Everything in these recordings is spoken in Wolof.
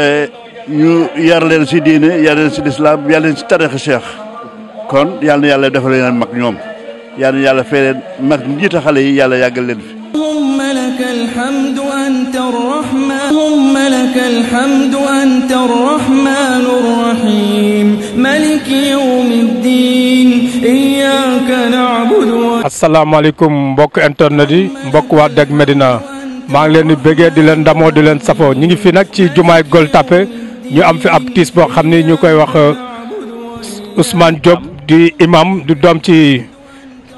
Eh, ñu yar leen si diine yar leen si lislaam yar leen si tarixi cheikh kon yal na yàlla defal leen mag ñoom yal na yàlla fee leen mag njiita xale yi yàlla yàggal leen fi اللهم لك الحمد أنت الرحمن اللهم لك الحمد أنت الرحمن الرحيم ملك يوم الدين إياك نعبد asalaamaaleykum mbokk internet yi mbokk waa Dak Médina maa ngi leen di bëggee di leen ndamoo di leen safoo ñu ngi fi nag ci jumaay Gueule Tapée ñu am fi ab tiis boo xam ni ñu koy wax euh, Ousmane Diop di imam di doom ci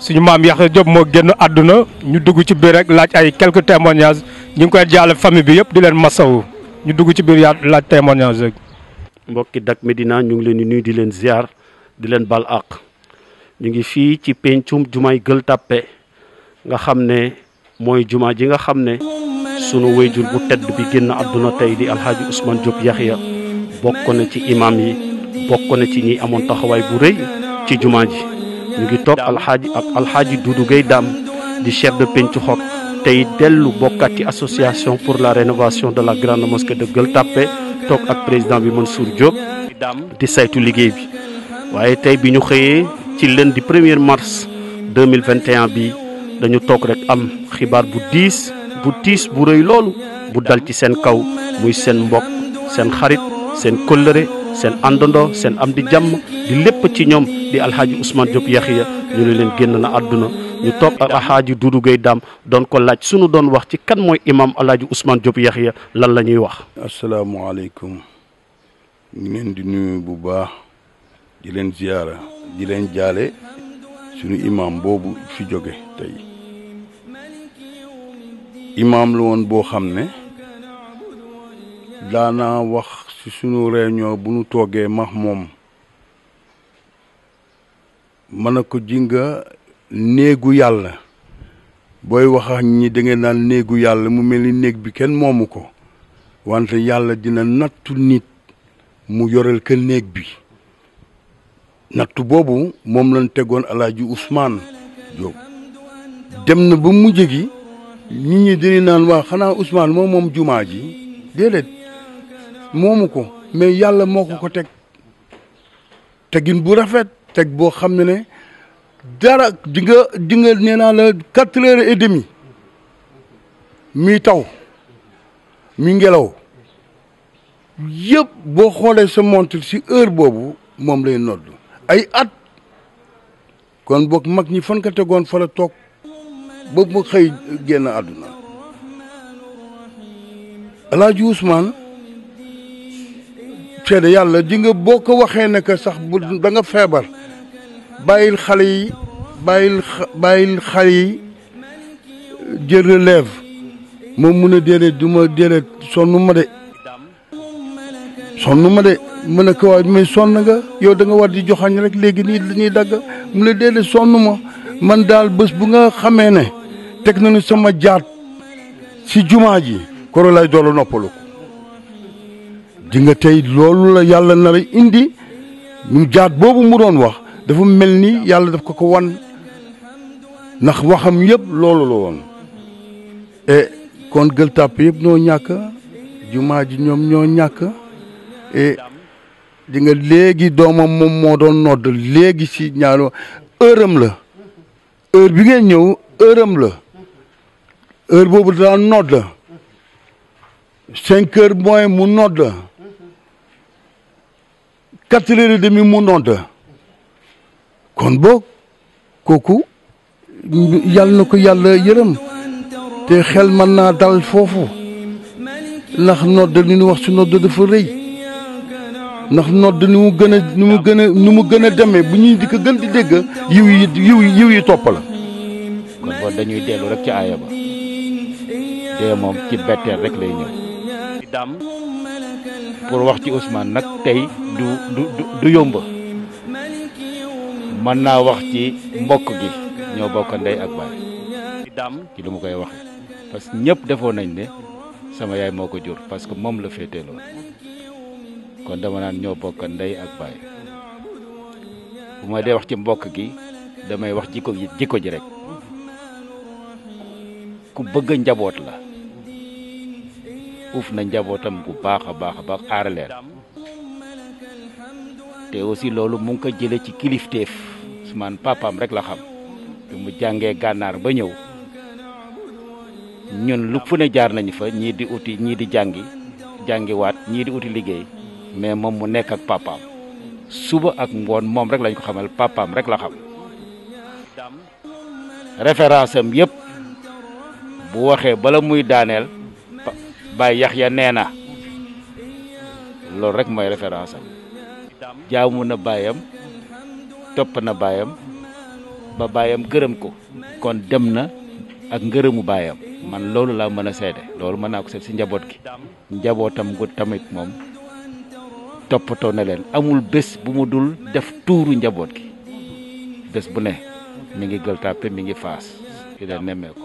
suñu maam Yaxya Diop moo génn àdduna ñu dugg ci biir rek laaj ay quelques témoignages ñu ngi koy jaale famille bi yëpp di leen masawu ñu dugg ci biir yaa laaj témoignage rek. mbokki Dak medina ñu ngi leen di nuy di leen ziar di leen bal àq ñu ngi fii ci pencum jumaay Gueule Tapée nga xam ne. mooy jumaa ji nga xam ne sunu wéyjur bu tedd bi génn àdduna tey di alxaaji Ousmane Diop Yaxya bokk na ci imaam yi bokk na ci ñi amoon taxawaay bu rëy ci jumaa ji ñu ngi toog alxaaji ak alxaaji Doudou Gueye Dame di chef de penc xot tey dellu bokkaat ci association pour la rénovation de la grande mosquée de Gueule Tapée toog ak président bi Mansour Diop di saytu liggéey bi waaye tey bi ñu xëyee ci lundi 1er mars 2021 bi dañu toog rek am xibaar bu diis bu tiis bu rëy loolu bu dal ci seen kaw muy seen mbokk seen xarit seen kóllëre seen àndandoo seen am di jàmm di lépp ci ñoom di alxaaji Ousmane Diop Yaxiya ñu ne leen génn na àdduna ñu toog alxaaji Doudou Gueye Dame doon ko laaj suñu doon wax ci kan mooy imam alxaaji Ousmane Diop Yaxiya lan la ñuy wax asalaamaaleykum ñu leen di nuyu bu baax di leen ziyaara di leen jaale suñu boobu fi jóge imaam la woon boo xam ne daana wax ci sunu réunion bu nu toogee max moom mën a ko jinga néegu yàlla booy wax ñi da naan néegu yàlla mu mel ni néeg bi kenn moomu ko wante yàlla dina nattu nit mu yoreel ka néeg bi nattu boobu moom lañ tegoon alaaji Ousmane Diop dem na ba mujj gi nit ñi dinañ naan waa xanaa Ousmane moom moom jumaa ji déedéet moomu ko mais yàlla moo ko ko teg tegin bu rafet teg boo xam ne ne dara di nga di nee naa la quatre heures et demi mi taw mi ngelaw yëpp boo xoolee sa montre si heure boobu moom lay nodd ay at kon boog mag ñi fan ko tegoon fa la toog ba mu xëy génn àdduna El Hadj Ousmane yàlla di nga boo ko waxee ne que sax bu danga feebar bàyyil xale yi bàyyil bàyyil xale yi jël relève moom mun a déedéet du ma déedéet sonnu ma de sonn ma de mën a ko waay mais sonn nga yow da nga war di joxañ rek léegi nii li ñuy dagg mu ne déedéet sonn ma man daal bés bu nga xamee ne teg nañu sama jaat ci jumaa ji koro lay doolu di nga tey loolula yàlla nar indi mu jaat boobu mu doon wax dafa mel ni yàlla daf ko ko wan ndax waxam yëpp loolu woon e kon gël tàpp yëpp ñoo ñàkk jumaa ji ñoom ñoo ñàkk e di nga léegi doomam moom moo doon nodd léegi si ñaar heure am la heure bi nga ñëw heure la heure boobu daan nodd cinq heures moins mu nodd quatre heures et demi mu nodd kon boog kooku yàlla na ko yàlla yërëm te xel mën naa dal foofu ndax nodd li ñu wax si nodd dafa rëy ndax nodd ni mu gën a ni mu gën a ni mu gën a demee bu ñuy di ko gën di dégg yiw yi yiw yiw yi topp la kon dañuy dellu rek ci aaya ba dee moom ci betteel rek lay ñëw dam pour wax ci Ousmane nag tey du du yomb mën naa wax ci mbokk gi bokk ak dam ci lu mu koy parce que ñëpp nañ sama yaay moo jur parce que moom la féeteeloo kon dama naan ñoo bokk ndey ak baay bu ma wax ci mbokk gi damay wax ji rek ku bëgg la Uf, na njabotam gu baax a ba a baax aar leen te aussi loolu mu ngi ko jële ci kilifteef Ousmane papam rek la xam bi mu jàngee gànnaar ba ñëw ñun lu fu ne jaar nañu fa ñii di uti ñii di jàngi wat ñii di uti liggéey mais moom mu nekk ak papam suba ak ngoon moom rek lañ ko xamal papam rek la xam référence am yépp bu waxee bala muy daaneel Baye ya nee na loolu rek mooy référence am jaamu na baayam topp na baayam ba baayam gërëm ko kon dem na ak ngërëmu baayam man loolu laa mën a seede loolu mën naa ko set si njaboot gi njabootam gu tamit moom toppatoo na leen amul bés bu mu dul def tuuru njaboot gi bés bu ne mu ngi gëltàppe mi ngi faas di leen nemmeeku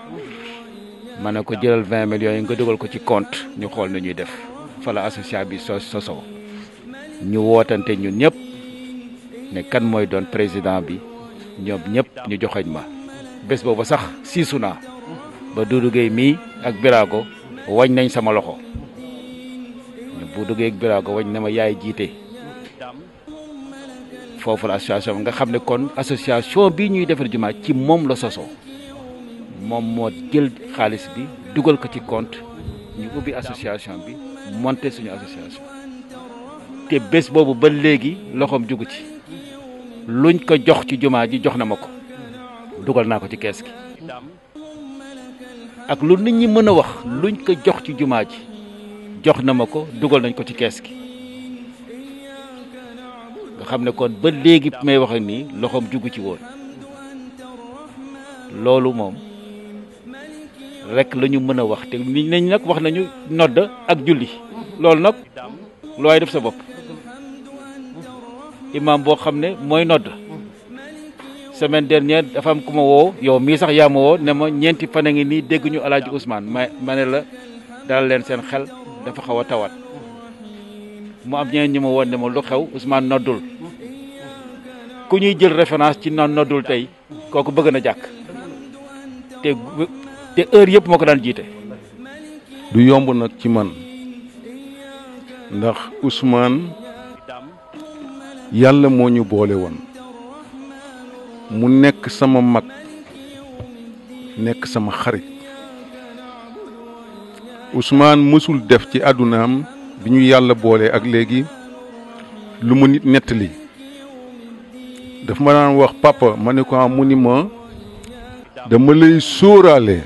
ma ne ko jëlal vingt millions yi nga dugal ko ci compte ñu xool nu ñuy def fa la association bi soo sosoo ñu wootante ñun ñëpp ne kan mooy doon président bi ñoom ñëpp ñu joxoñ ma bés boobu sax siisu naa ba du Gueye mii ak Birago wañ nañ sama loxo bu duggee ak Birago wañ na ma yaay jiite foofu la association nga xam ne kon association bii ñuy defar jumaa ci moom la sosoo moom moo jël xaalis bi dugal ko ci compte ñu ubbi association bi monter suñu association te bés boobu ba léegi loxoom jugu ci luñ ko jox ci jumaa ji jox na ma ko dugal naa ko ci kees gi ak lu nit ñi mën a wax luñ ko jox ci jumaa ji jox na ma ko dugal nañ ko ci kees gi nga xam ne kon ba léegi may wax ak nii loxoom jugu ci woon loolu moom rek lañu mëna wax té nit nañ nak wax nañu nodd ak julli lool nak loy def sa bop imam bo xamné moy nodd semaine dernière dafa am kuma wo yow mi sax ya ma wo ne ma ñenti fan ngi ni dégg ñu ma ousmane mané la dal leen sen xel dafa xawa tawat mu am ñeen ñuma won ne ma lu xew ousmane nodul ku ñuy jël référence ci non nodul tay koku bëgg na jakk té te heure yëpp moo ko daan jiite. du yomb nag ci man ndax Ousmane yàlla moo ñu boole woon mu nekk sama mag nekk sama xarit usmaan mësul def ci àddunaam bi ñu yàlla boole ak léegi lu mu nit nettali daf ma daan wax papa ma ne ko ah, mu ni ma dama lay sóoraale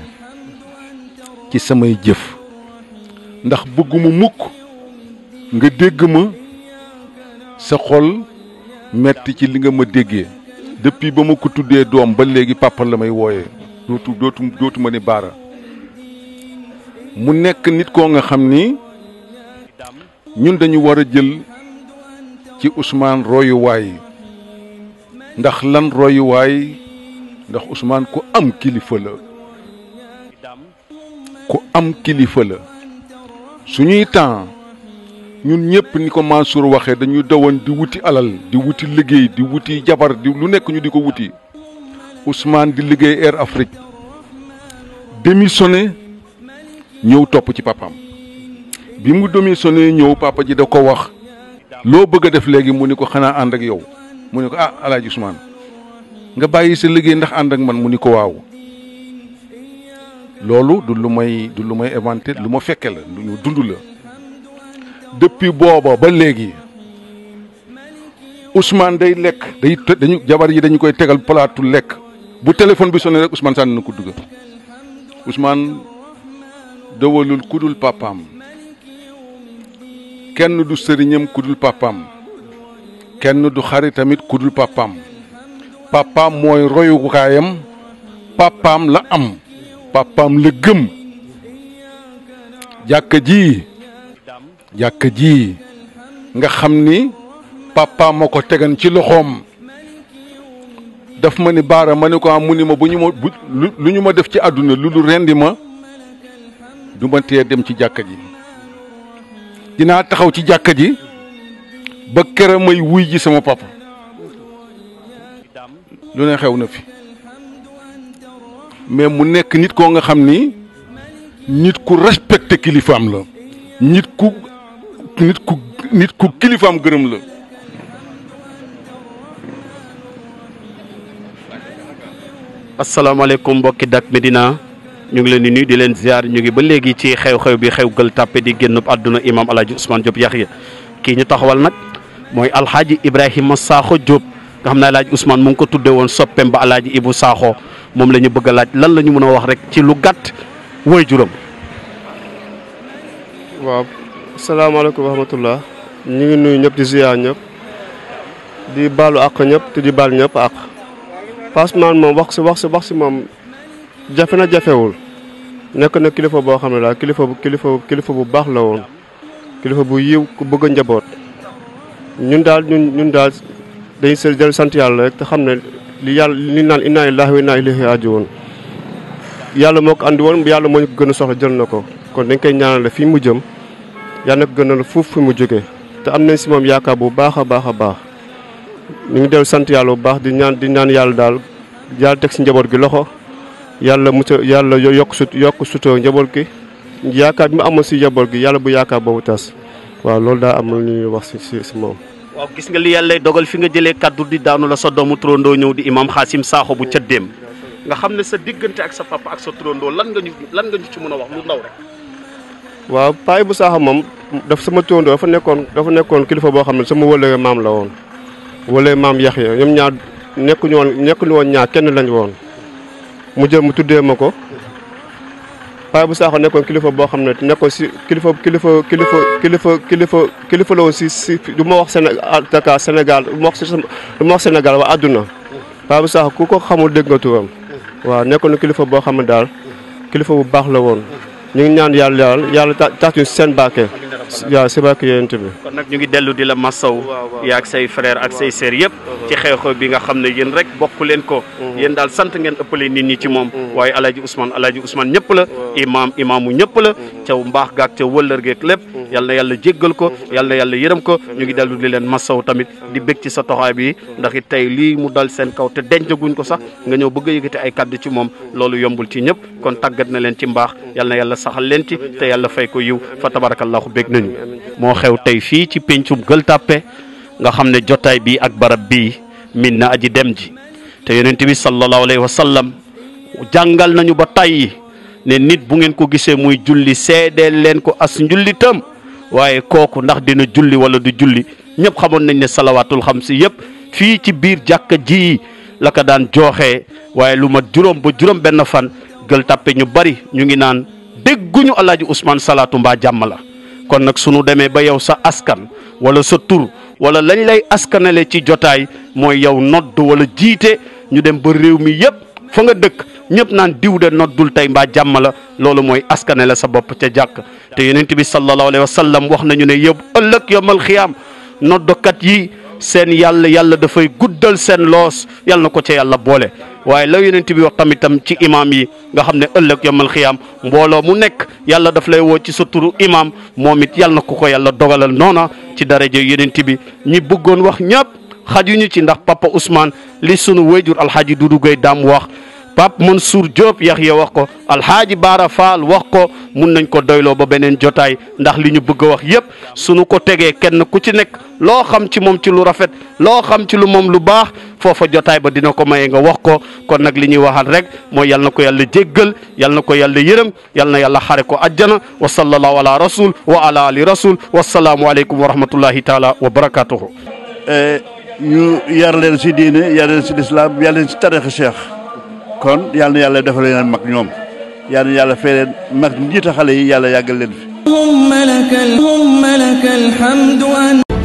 samay jëf ndax bëgguma mukk nga dégg ma sa xol metti ci li nga ma déggee depuis ba ma ko tuddee doom ba léegi papa la may wooyee dootu dootu dootu ma ni baara mu nekk nit koo nga xam ni ñun dañu war a jël ci usmaan royuwaay ndax lan royuwaay ndax Ousmane ku am kilifa la ku am kilifa la su suñuy temps ñun ñëpp ni ko Mansour waxee dañu dawoon di wuti alal di wuti liggéey di wuti jabar di lu nekk ñu di ko wuti Ousmane di liggéey Air Afrique démissionné ñëw topp ci papam bi mu démissionné ñëw papa ji da ko wax loo bëgg a def léegi mu ni ko xanaa ànd ak yow mu ni ko ah alaaji Ousmane nga bàyyi sa liggéey ndax ànd ak man mu ni ko waaw loolu du lu may du lu may inventé lu ma fekke la lu dund la depuis booba ba léegi Ousmane day lekk day dañu jabar yi dañu koy tegal palaatu lekk bu téléphone bi sonné rek Ousmane Sané na ko usmaan Ousmane dawalul kudul papaam kenn du sëriñam kudul papaam kenn du xari tamit kudul papaam papaam mooy royukaayam papaam la am papaam la gëm jàkka ji jàkka ji nga xam ni papaam ma ko tegan ci loxoom daf ma ni baara ma ni ko am ah, mu ma bu ñu ma def ci àdduna lu lu rendi ma du ma tee dem ci jàkka ji dinaa taxaw ci jàkka ji ba kera may wuy ji sama papa lu ne xew na fi mais mu nekk nit koo nga xam ni nit ku respecté kilifaam la nit ku nit ku nit ku kilifaam gërëm la asalaamaaleykum mbokki Dak Médina ñu ngi leen di nuyu di leen ziar ñu ngi ba léegi ci xew-xew bi xew gël tàppe di génn àdduna imaam alaaji Ousmane yax Yaxya kii ñu taxawal nag mooy alxaaji ma Sakho Diop nga xam ne Alaaji Ousmane mu ngi ko tuddee woon soppeem ba Alaaji bu saaxoo moom la ñu bëgg laaj lan la ñu a wax rek ci lu gàtt woy juróom. waaw salaamaaleykum wa rahmatullah ñu ngi nuyu ñëpp di ziar ñëpp di baalu àq ñëpp te di baal ñëpp àq Ousmane moom wax si wax si wax si moom jafe na jafewul nekk na kilifa boo xam ne daal kilifa bu kilifa kilifa bu baax la woon kilifa bu yiw ku bëgg njaboot ñun daal. dañuy se del sant yàlla rek te xam ne li yàlla li naan inna lillahi wa inna ilayhi rajiun yàlla moo ko andi woon yàlla moo ñu ko gën a soxla jël na ko kon dañ koy ñaanale fii mu jëm yàlla na ko gënal foofu fi mu jógee te am nañ si moom yaakaar bu baax a baax a baax ñu ngi dellu sant yàlla bu baax di ñaan di ñaan yàlla daal yàlla teg si njaboot gi loxo yàlla mu yàlla yokk sut yokk sutoo njaboot gi yaakaar bi mu amoon si njaboot gi yàlla bu yaakaar boobu tas waaw loolu daa am lu ñuy wax si si si moom waaw gis nga li yàlla dogal fi nga jëlee kàddu di daanu la sa doomu turandoo ñëw di imam xaasim saaxo bu ca déem nga xam ne sa diggante ak sa papa ak sa turandoo lan nga ñu lan nga ci mën a wax lu ndaw rek. waaw paay bu saaxo moom daf sama turandoo dafa nekkoon dafa nekkoon kilifa boo xam ne sama wële maam la woon wële maam yax ya ñoom ñaar nekkuñu woon nekkuñu woon ñaar kenn lañ woon mu jël mu tuddee ma ko. Paa bu Sakho nekkoon kilifa boo xam ne nekkoon si kilifa kilifa kilifa kilifa kilifa kilifa la woon si si du ma wax Sénégal Sénégal du bu Sakho ku ko xamul dégg nga turam. waaw nekkoon kilifa boo xam ne daal kilifa bu baax la woon. ñu ngi ñaan yàlla yàlla yàlla tax seen barke. ya sebab barke yonent ya, bi kon nak ñu ngi delu dila massaw ya ak say frère ak say sœur yépp uh-huh. ci xew-xew bi nga xamné yeen rek bokku len ko uh-huh. yeen dal sant ngeen ëppalé nit ñi ci mom uh-huh. waye alaaji Ousmane alaaji Ousmane ñëpp la imam imamu ñëpp la ca mbax gaak ci wëllër geek lepp yalla yalla jéggal ko yalla yalla yàlla ko ñu ngi delu di len massaw tamit di bég ci sa toxay bi ndax it tey mu dal sen kaw te dencaguñ ko sax nga ñëw bëgg a ay kaddu ci mom loolu yombul ci ñëpp kon tagat na len ci mbax yalla yalla saxal len ci te yalla fay ko yu fa tabarakallahu bég moo xew tey fii ci pencum Gueule Tapée nga xam ne jotaay bii ak barab bii min na aji dem ji te yonent bi sallallahu alayhi wa sallam jàngal nañu ba tàyyi ne nit bu ngeen ko gisee muy julli seedeel leen ko as njullitam waaye kooku ndax dina julli wala du julli ñëpp xamoon nañ ne salawaatul xam si yëpp fii ci biir jàkka ji la ko daan jooxee waaye lu ma juróom ba juróom benn fan Gueule ñu bari ñu ngi naan dégguñu alaaji Ousmane Salaatu mbaa jàmm la kon nag sunu demee ba yow sa askan wala sa tur wala lañ lay askanale ci jotaay mooy yow nodd wala jiite ñu dem ba réew mi yépp fa nga dëkk ñëpp naan diw de noddul tey mbaa jàmm loolu mooy askaneele sa bopp ca jàkk te yonent bi sallallahu alayhi wa wax nañu ne yëpp ëllëg yomal xiyaam noddokat yi seen yàlla yàlla dafay guddal seen loos yàlla na ko ca yàlla boole waaye la yonent bi wax tamit tam ci imaam yi nga xam ne ëllëg yomal xiyaam mbooloo mu nekk yàlla daf lay woo ci sa turu imaam moom it yàlla na ko ko yàlla dogalal noona ci daraja yonent bi ñi bëggoon wax ñëpp xajuñu ci ndax papa Ousmane li sunu wéjur alxaaji du Gay daam wax Pape Mansour Diop Yaxya wax ko alxaaji Baara Faal wax ko mun nañ ko doyloo ba beneen jotaay ndax li ñu bëgg a wax yépp nu ko tegee kenn ku ci nekk loo xam ci moom ci lu rafet loo xam ci lu moom lu baax foofa jotaay ba dina ko maye nga wax ko kon nag li ñuy waxaat rek mooy yal na ko yàlla jéggal yal na ko yàlla yërëm yal na yàlla xare ko ajjana wa sallallahu ala rasul wa ala ali rasul wasalaamu aleykum wa rahmatullahi taala wa barakatuhu eh, ñu yar leen si diine yar leen si kon yal na yàlla defal leen mag ñoom yal na yàlla fay leen mag njiita xale yi yàlla yàggal leen fi